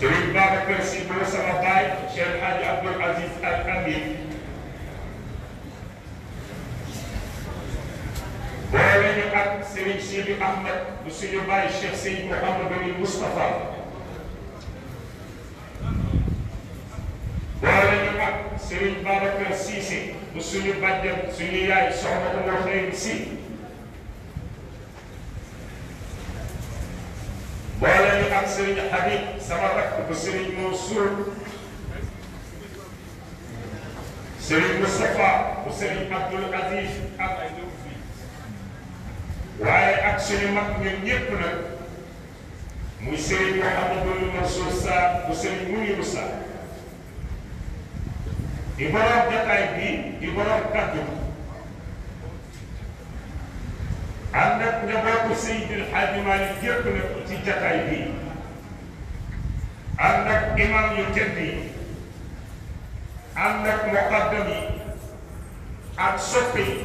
Serigne Babacar Sy mooy sama baay Cheikh Hadj Abdoul Aziz Al Amin boole ñu ak Serigne Sidi Ahmed bu suñu baay Cheikh Seydi Mouhamadou Moustapha boole ñu ak Serigne Babacar Cissé bu suñu bàjjen suñu yaay soxna Oumar ak Serigne Habib sama rakk ba Serigne Mansour Serigne Moustapha bu Serigne Abdoul Aziz ak waaye ak suñu mag ñun ñëpp nag muy Serigne Mouhamadou Mansour Sarr bu Serigne Mouniru Sarr di borom jataay bi di borom kàddu ànd ak njabootu Seydil Hadji Malick yëpp nag ci jataay bi ànd ak imam yu tedd yi ànd ak muqaddam yi ak soppi yi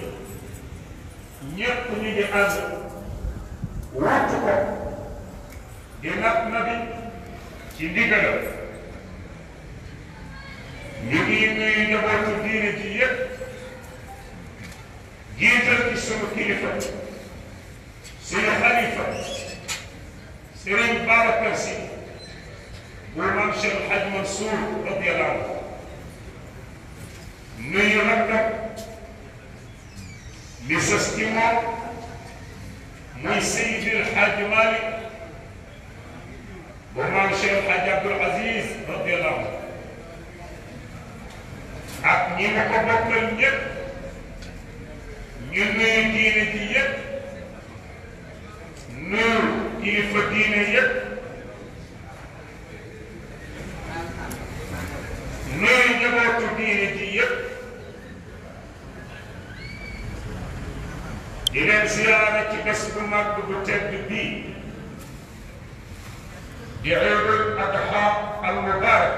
ñépp ñu ngi ànd wattu ko di nat na bi ci ndigalam ñu ngi nuyu njabootu diine ji yépp jiital ci sunu kilifa suñu xalifa Sëriñ Babacar Si بشر الحاج منصور رضي الله عنه نيو مكة لسستيما نوي سيدي الحاج مالك ومع الشيخ الحاج عبد العزيز رضي الله عنه أكني مكبوك النيب ينوي دين ديب نور كيف دين يب diine ji yëpp di leen siyaare ci bés bu màgg bu tedd bii di Iidul Adha al Mubarak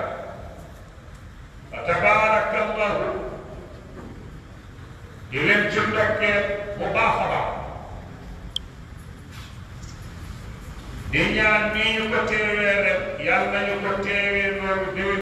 fa tabaraka allahu di leen ci ndokkee bu baax a baax di ñaan nii ñu ko teewee rek yàlla ñu ko teewee noonu